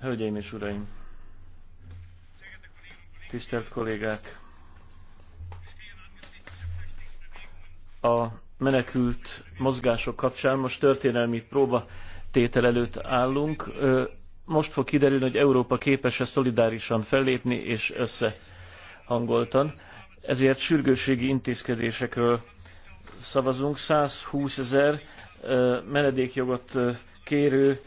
Hölgyeim és Uraim! Tisztelt kollégák! A menekült mozgások kapcsán most történelmi próba tétel előtt állunk. Most fog kiderülni, hogy Európa képes-e szolidárisan fellépni és összehangoltan. Ezért sürgősségi intézkedésekről szavazunk. 120 ezer menedékjogot kérő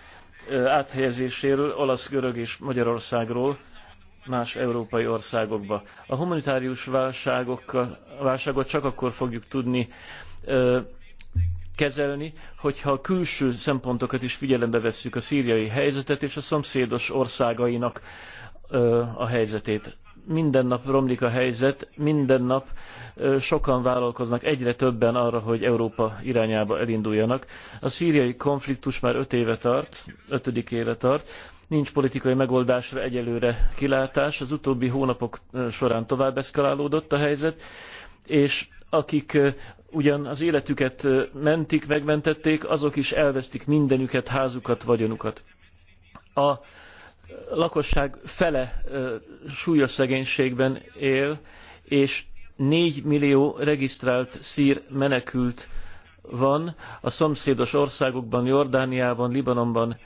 áthelyezéséről olasz-görög és Magyarországról más európai országokba. A humanitárius válságokkal, válságot csak akkor fogjuk tudni kezelni, hogyha a külső szempontokat is figyelembe vesszük a szíriai helyzetet és a szomszédos országainak a helyzetét minden nap romlik a helyzet, minden nap sokan vállalkoznak, egyre többen arra, hogy Európa irányába elinduljanak. A szíriai konfliktus már öt éve tart, ötödik éve tart, nincs politikai megoldásra egyelőre kilátás, az utóbbi hónapok során tovább eszkalálódott a helyzet, és akik ugyan az életüket mentik, megmentették, azok is elvesztik mindenüket, házukat, vagyonukat. A lakosság fele súlyos szegénységben él, és 4 millió regisztrált szír menekült van a szomszédos országokban, Jordániában, Libanonban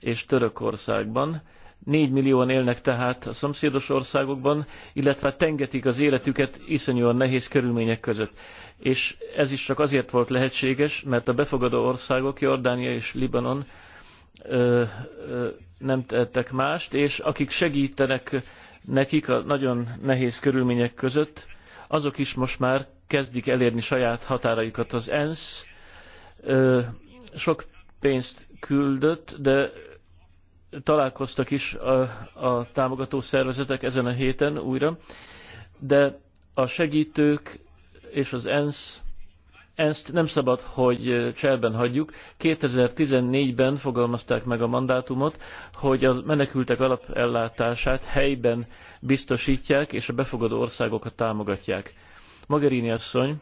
és Törökországban. 4 millióan élnek tehát a szomszédos országokban, illetve hát tengetik az életüket iszonyúan nehéz körülmények között. És ez is csak azért volt lehetséges, mert a befogadó országok, Jordánia és Libanon ö, ö, nem tettek mást, és akik segítenek nekik a nagyon nehéz körülmények között, azok is most már kezdik elérni saját határaikat. Az ENSZ ö, sok pénzt küldött, de találkoztak is a, a támogató szervezetek ezen a héten újra, de a segítők és az ENSZ ezt nem szabad, hogy cselben hagyjuk. 2014-ben fogalmazták meg a mandátumot, hogy a menekültek alapellátását helyben biztosítják, és a befogadó országokat támogatják. Magerini asszony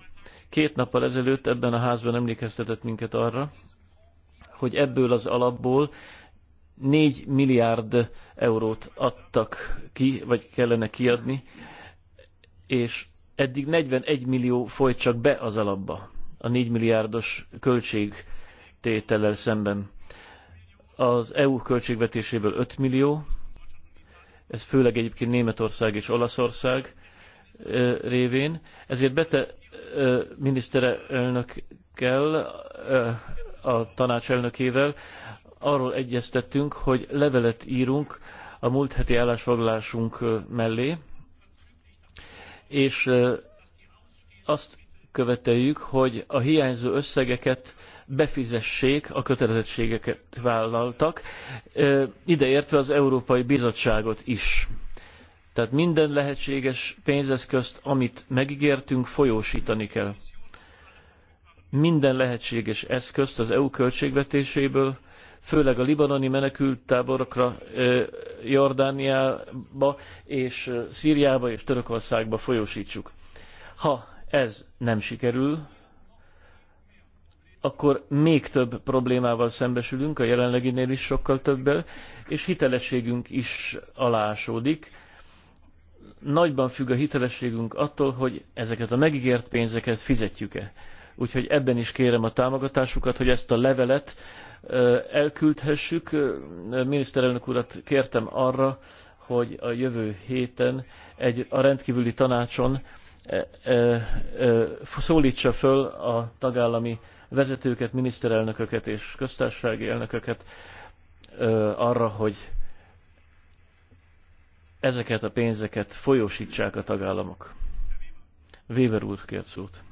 két nappal ezelőtt ebben a házban emlékeztetett minket arra, hogy ebből az alapból 4 milliárd eurót adtak ki, vagy kellene kiadni, és eddig 41 millió folyt csak be az alapba a 4 milliárdos költségtétellel szemben. Az EU költségvetéséből 5 millió, ez főleg egyébként Németország és Olaszország révén, ezért Bete miniszterelnökkel, a tanácselnökével arról egyeztettünk, hogy levelet írunk a múlt heti állásfoglalásunk mellé, és azt követeljük, hogy a hiányzó összegeket befizessék a kötelezettségeket vállaltak, ideértve az Európai Bizottságot is. Tehát minden lehetséges pénzeszközt, amit megígértünk, folyósítani kell. Minden lehetséges eszközt az EU költségvetéséből, főleg a libanoni menekült Jordániába és Szíriába és Törökországba folyósítsuk. Ha ez nem sikerül, akkor még több problémával szembesülünk, a jelenleginél is sokkal többel, és hitelességünk is alásódik. Nagyban függ a hitelességünk attól, hogy ezeket a megígért pénzeket fizetjük-e. Úgyhogy ebben is kérem a támogatásukat, hogy ezt a levelet elküldhessük. Miniszterelnök urat kértem arra, hogy a jövő héten egy, a rendkívüli tanácson szólítsa föl a tagállami vezetőket, miniszterelnököket és köztársasági elnököket arra, hogy ezeket a pénzeket folyósítsák a tagállamok. Weber úr kért szót.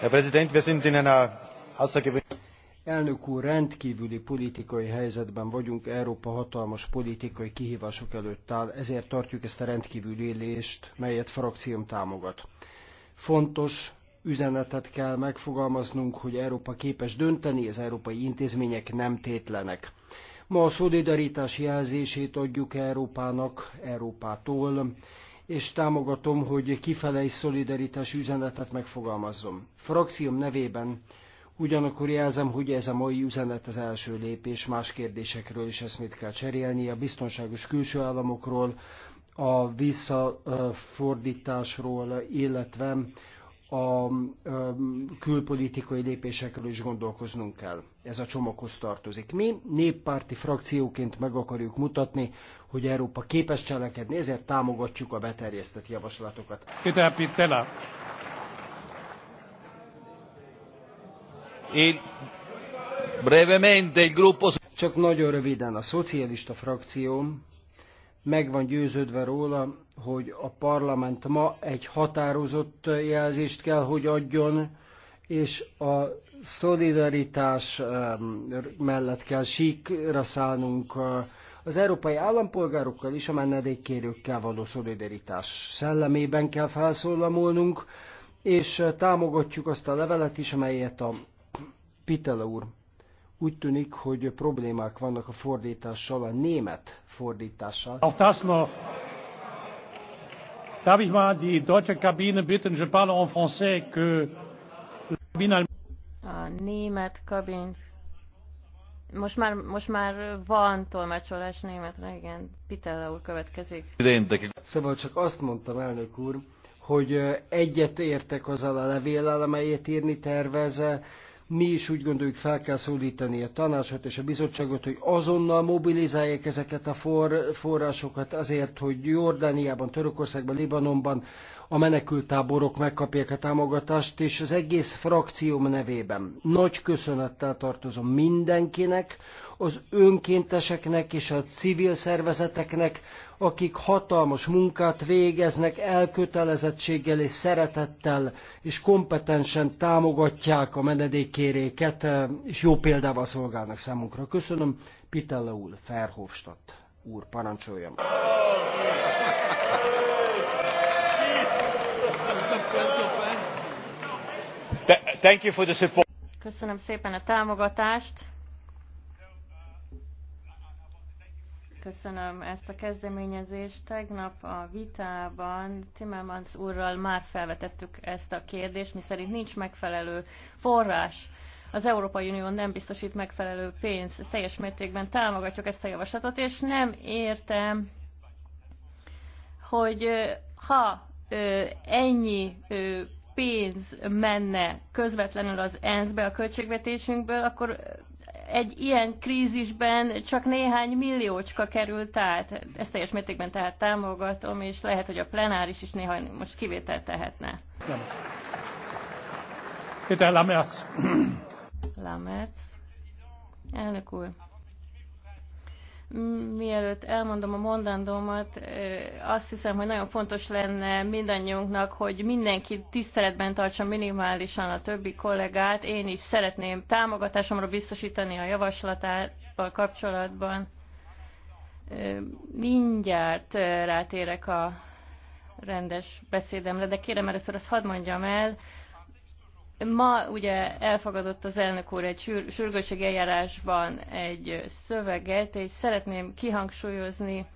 Herr Präsident, wir sind in einer außergewöhnlichen Elnök úr, rendkívüli politikai helyzetben vagyunk, Európa hatalmas politikai kihívások előtt áll, ezért tartjuk ezt a rendkívüli élést, melyet frakcióm támogat. Fontos üzenetet kell megfogalmaznunk, hogy Európa képes dönteni, az európai intézmények nem tétlenek. Ma a szolidaritás jelzését adjuk Európának, Európától, és támogatom, hogy kifele is szolidaritás üzenetet megfogalmazzom. Frakcióm nevében Ugyanakkor jelzem, hogy ez a mai üzenet az első lépés, más kérdésekről is eszmét kell cserélni, a biztonságos külső államokról, a visszafordításról, illetve a külpolitikai lépésekről is gondolkoznunk kell. Ez a csomaghoz tartozik. Mi néppárti frakcióként meg akarjuk mutatni, hogy Európa képes cselekedni, ezért támogatjuk a beterjesztett javaslatokat. Kitepítela. Én Brevemente egy gruppo... Csak nagyon röviden, a szocialista frakcióm meg van győződve róla, hogy a parlament ma egy határozott jelzést kell, hogy adjon, és a szolidaritás mellett kell síkra szállnunk az európai állampolgárokkal és a menedékkérőkkel való szolidaritás szellemében kell felszólalnunk, és támogatjuk azt a levelet is, amelyet a Pitele úr, úgy tűnik, hogy problémák vannak a fordítással, a német fordítással. Auch das noch. Darf ich mal die deutsche Kabine bitten, je parle en français, que a német kabin. Most már, most már van tolmácsolás németre, igen. Pitele úr következik. Szóval csak azt mondtam, elnök úr, hogy egyet értek azzal a levéllel, amelyet írni tervez, mi is úgy gondoljuk, fel kell szólítani a tanácsot és a bizottságot, hogy azonnal mobilizálják ezeket a for forrásokat azért, hogy Jordániában, Törökországban, Libanonban a menekültáborok megkapják a támogatást, és az egész frakcióm nevében nagy köszönettel tartozom mindenkinek, az önkénteseknek és a civil szervezeteknek, akik hatalmas munkát végeznek, elkötelezettséggel és szeretettel és kompetensen támogatják a menedékkéréket, eh, és jó példával szolgálnak számunkra. Köszönöm, Pitella úr, Ferhofstadt úr, parancsoljam. Thank you for the support. Köszönöm szépen a támogatást. Köszönöm ezt a kezdeményezést. Tegnap a vitában Timmermans úrral már felvetettük ezt a kérdést, miszerint nincs megfelelő forrás. Az Európai Unió nem biztosít megfelelő pénzt. Ezt teljes mértékben támogatjuk ezt a javaslatot, és nem értem, hogy ha ennyi pénz menne közvetlenül az ENSZ-be a költségvetésünkből, akkor egy ilyen krízisben csak néhány milliócska került át. Ezt teljes mértékben tehát támogatom, és lehet, hogy a plenáris is néha most kivételt tehetne. Nem. Péter Lamertz. Lamertz. Elnök úr. Mielőtt elmondom a mondandómat, azt hiszem, hogy nagyon fontos lenne mindannyiunknak, hogy mindenki tiszteletben tartsa minimálisan a többi kollégát. Én is szeretném támogatásomra biztosítani a javaslatával kapcsolatban. Mindjárt rátérek a rendes beszédemre, de kérem először azt hadd mondjam el, Ma ugye elfogadott az elnök úr egy sürgősségi eljárásban egy szöveget, és szeretném kihangsúlyozni,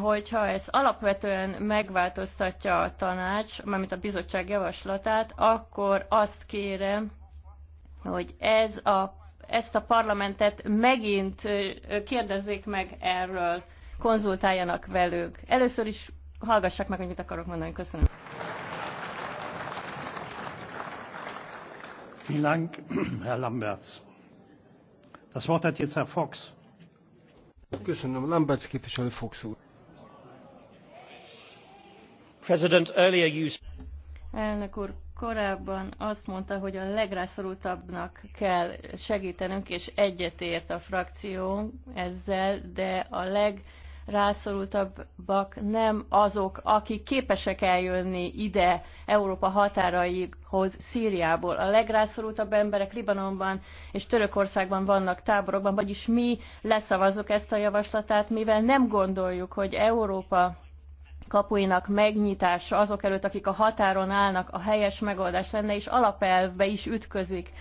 hogyha ez alapvetően megváltoztatja a tanács, mármint a bizottság javaslatát, akkor azt kérem, hogy ez a, ezt a parlamentet megint kérdezzék meg erről, konzultáljanak velük. Először is hallgassák meg, hogy mit akarok mondani. Köszönöm. Vielen Dank, Herr Lamberts. Das Wort hat jetzt Herr Fox. Köszönöm, Lamberts képviselő Fox úr. President, earlier you... Elnök úr, korábban azt mondta, hogy a legrászorultabbnak kell segítenünk, és egyetért a frakció ezzel, de a leg rászorultabbak nem azok, akik képesek eljönni ide Európa határaihoz Szíriából. A legrászorultabb emberek Libanonban és Törökországban vannak táborokban, vagyis mi leszavazzuk ezt a javaslatát, mivel nem gondoljuk, hogy Európa kapuinak megnyitása azok előtt, akik a határon állnak, a helyes megoldás lenne, és alapelvbe is ütközik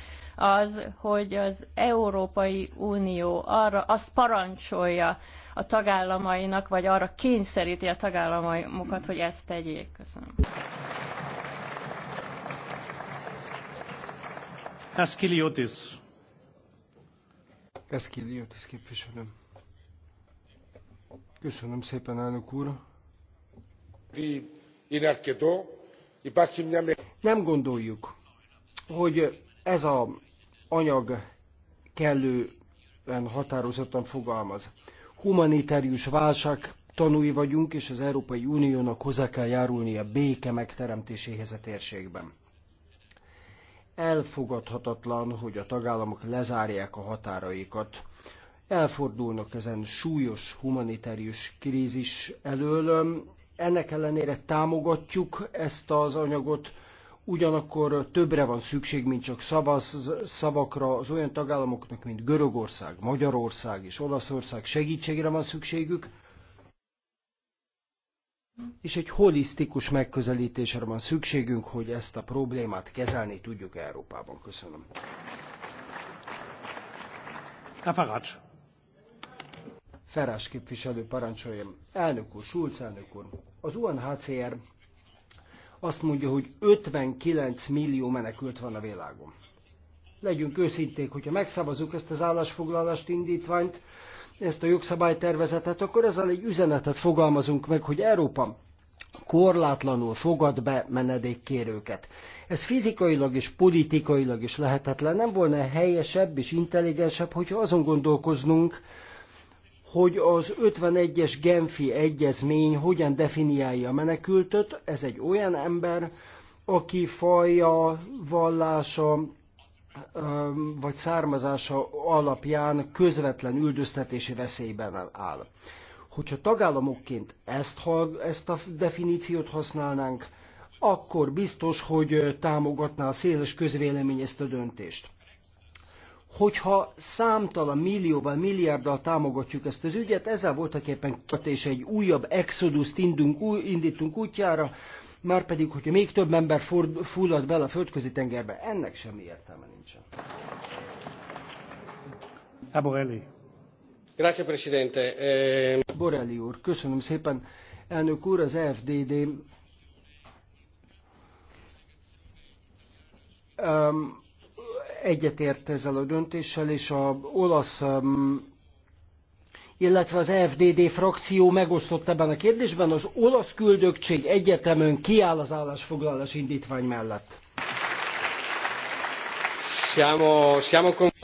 az, hogy az Európai Unió arra azt parancsolja a tagállamainak, vagy arra kényszeríti a tagállamokat, hogy ezt tegyék. Köszönöm. Eskiliotis. Eskiliotis képviselő. Köszönöm szépen, elnök úr. Nem gondoljuk, hogy ez a anyag kellően határozottan fogalmaz. Humanitárius válság tanúi vagyunk, és az Európai Uniónak hozzá kell járulni a béke megteremtéséhez a térségben. Elfogadhatatlan, hogy a tagállamok lezárják a határaikat. Elfordulnak ezen súlyos humanitárius krízis elől. Ennek ellenére támogatjuk ezt az anyagot, Ugyanakkor többre van szükség, mint csak szavaz, szavakra. Az olyan tagállamoknak, mint Görögország, Magyarország és Olaszország segítségre van szükségük, és egy holisztikus megközelítésre van szükségünk, hogy ezt a problémát kezelni tudjuk Európában. Köszönöm. Ferás képviselő parancsoljam, Elnök úr, Schulz elnök úr, az UNHCR azt mondja, hogy 59 millió menekült van a világon. Legyünk őszinték, hogyha megszavazunk ezt az állásfoglalást, indítványt, ezt a jogszabálytervezetet, akkor ezzel egy üzenetet fogalmazunk meg, hogy Európa korlátlanul fogad be menedékkérőket. Ez fizikailag és politikailag is lehetetlen. Nem volna helyesebb és intelligensebb, hogyha azon gondolkoznunk, hogy az 51-es Genfi egyezmény hogyan definiálja a menekültöt. Ez egy olyan ember, aki faja, vallása vagy származása alapján közvetlen üldöztetési veszélyben áll. Hogyha tagállamokként ezt, ezt a definíciót használnánk, akkor biztos, hogy támogatná a széles közvélemény ezt a döntést hogyha számtalan millióval, milliárddal támogatjuk ezt az ügyet, ezzel voltak éppen és egy újabb exodus indunk, indítunk útjára, már pedig, hogyha még több ember fullad bele a földközi tengerbe, ennek semmi értelme nincsen. Borelli. Grazie, Presidente. Ehm, Borelli úr, köszönöm szépen. Elnök úr, az FDD um, egyetért ezzel a döntéssel, és a olasz um, illetve az FDD frakció megosztott ebben a kérdésben, az olasz küldöttség egyetemön kiáll az állásfoglalás indítvány mellett.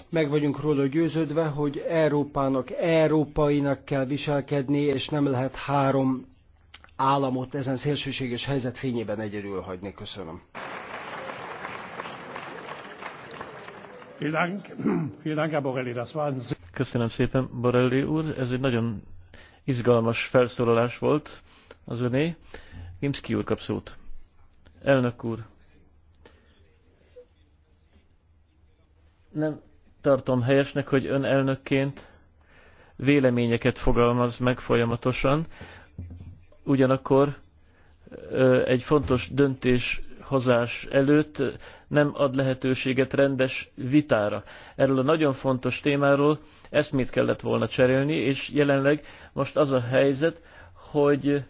Meg vagyunk róla győződve, hogy Európának, európainak kell viselkedni, és nem lehet három államot ezen szélsőséges helyzet fényében egyedül hagyni. Köszönöm. Köszönöm szépen, Borelli úr. Ez egy nagyon izgalmas felszólalás volt az öné. Gimszki úr kap szót. Elnök úr. Nem tartom helyesnek, hogy ön elnökként véleményeket fogalmaz meg folyamatosan. Ugyanakkor egy fontos döntés hazás előtt nem ad lehetőséget rendes vitára. Erről a nagyon fontos témáról eszmét kellett volna cserélni, és jelenleg most az a helyzet, hogy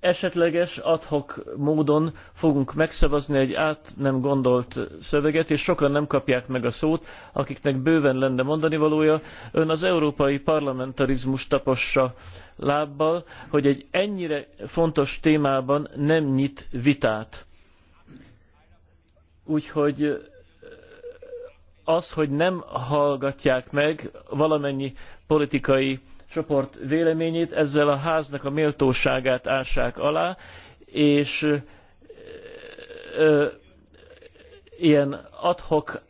esetleges adhok módon fogunk megszavazni egy át nem gondolt szöveget, és sokan nem kapják meg a szót, akiknek bőven lenne mondani valója. Ön az európai parlamentarizmus tapossa lábbal, hogy egy ennyire fontos témában nem nyit vitát. Úgyhogy eh, az, hogy nem hallgatják meg valamennyi politikai csoport véleményét, ezzel a háznak a méltóságát ássák alá, és ilyen adhok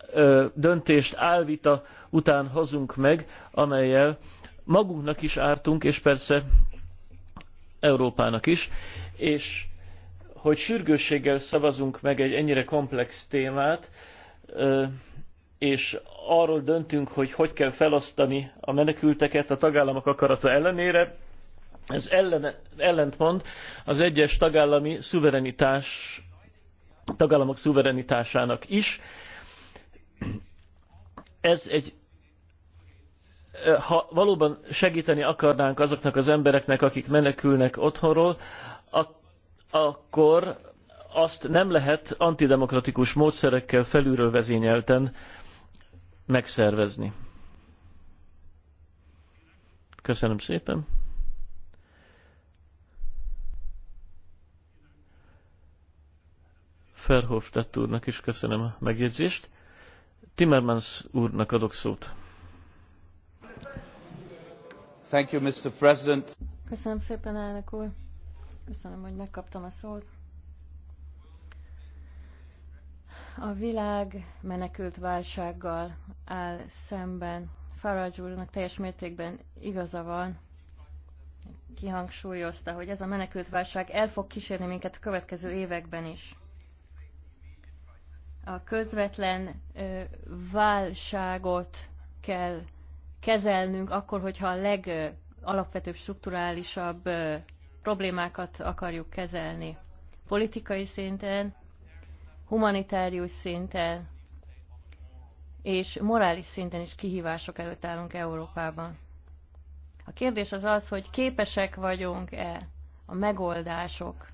döntést állvita után hozunk meg, amelyel magunknak is ártunk, és persze Európának is, és hogy sürgősséggel szavazunk meg egy ennyire komplex témát, ö, és arról döntünk, hogy hogy kell felosztani a menekülteket a tagállamok akarata ellenére, ez ellen, ellentmond az egyes tagállami szuverenitás, tagállamok szuverenitásának is. Ez egy ha valóban segíteni akarnánk azoknak az embereknek, akik menekülnek otthonról, akkor azt nem lehet antidemokratikus módszerekkel felülről vezényelten megszervezni. Köszönöm szépen! Ferhofstadt úrnak is köszönöm a megjegyzést. Timmermans úrnak adok szót. Thank you, Mr. President. Köszönöm szépen, elnök úr. Köszönöm, hogy megkaptam a szót. A világ menekült válsággal áll szemben. Farage úrnak teljes mértékben igaza van, kihangsúlyozta, hogy ez a menekült válság el fog kísérni minket a következő években is. A közvetlen válságot kell kezelnünk akkor, hogyha a legalapvetőbb strukturálisabb problémákat akarjuk kezelni. Politikai szinten humanitárius szinten és morális szinten is kihívások előtt állunk Európában. A kérdés az az, hogy képesek vagyunk-e a megoldások,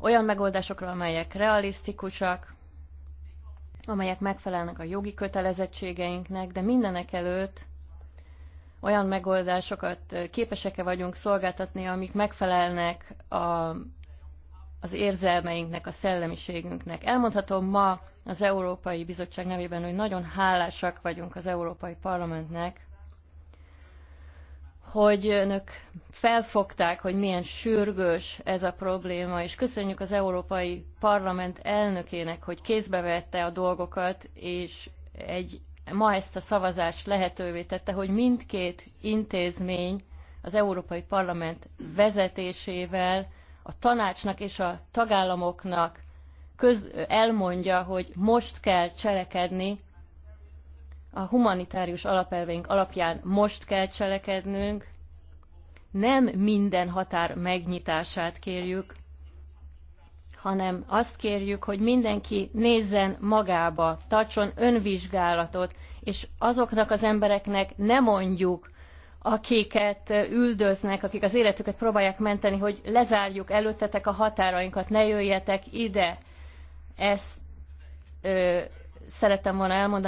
olyan megoldásokra, amelyek realisztikusak, amelyek megfelelnek a jogi kötelezettségeinknek, de mindenek előtt olyan megoldásokat képesek-e vagyunk szolgáltatni, amik megfelelnek a az érzelmeinknek, a szellemiségünknek. Elmondhatom ma az Európai Bizottság nevében, hogy nagyon hálásak vagyunk az Európai Parlamentnek, hogy önök felfogták, hogy milyen sürgős ez a probléma, és köszönjük az Európai Parlament elnökének, hogy kézbe vette a dolgokat, és egy, ma ezt a szavazást lehetővé tette, hogy mindkét intézmény az Európai Parlament vezetésével a tanácsnak és a tagállamoknak köz, elmondja, hogy most kell cselekedni, a humanitárius alapelveink alapján most kell cselekednünk, nem minden határ megnyitását kérjük, hanem azt kérjük, hogy mindenki nézzen magába, tartson önvizsgálatot, és azoknak az embereknek ne mondjuk, akiket üldöznek, akik az életüket próbálják menteni, hogy lezárjuk előttetek a határainkat, ne jöjjetek ide. Ezt ö, szerettem volna elmondani.